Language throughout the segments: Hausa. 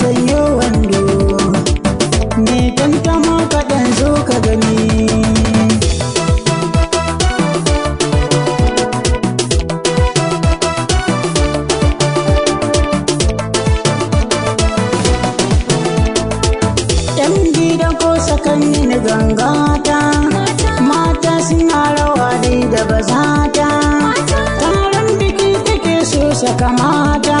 sayo wando me tantama kaɗan zo ka gani Ɗan gida ko sakanni na gangata mata suna rawa dai da bazata taron biki take so saka mata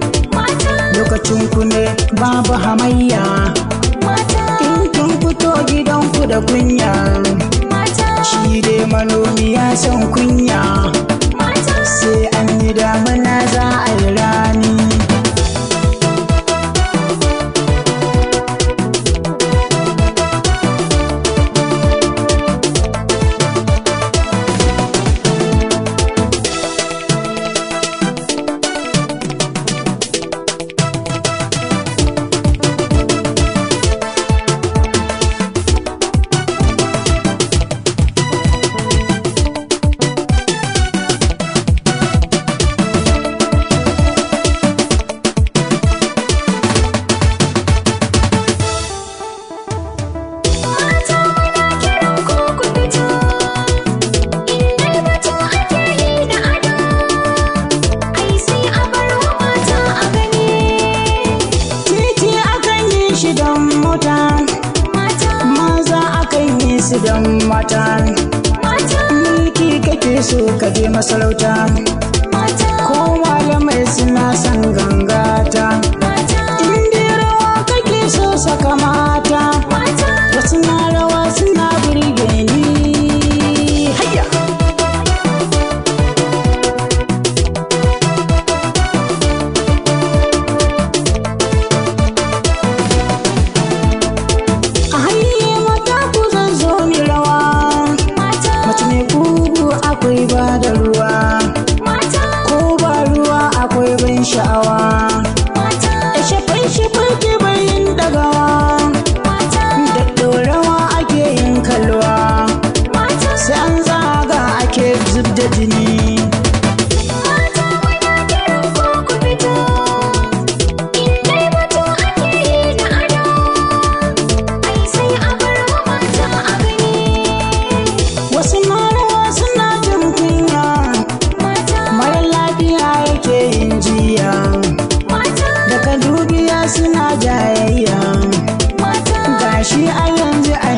lokacin ku ne babu hamayya in kun fito gidan ku da kunya shi dai manomi ya san gidan mata mata mulki kake so ka je masarauta da ruwa ko ba ruwa akwai ban sha'awa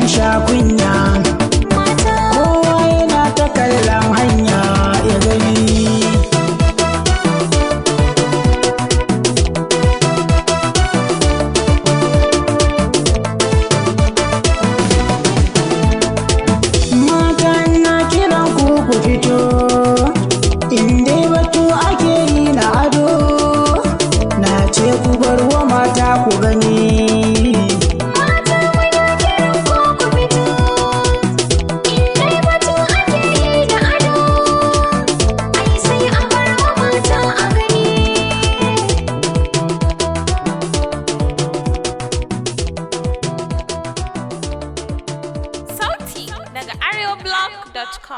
sha kunya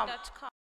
com.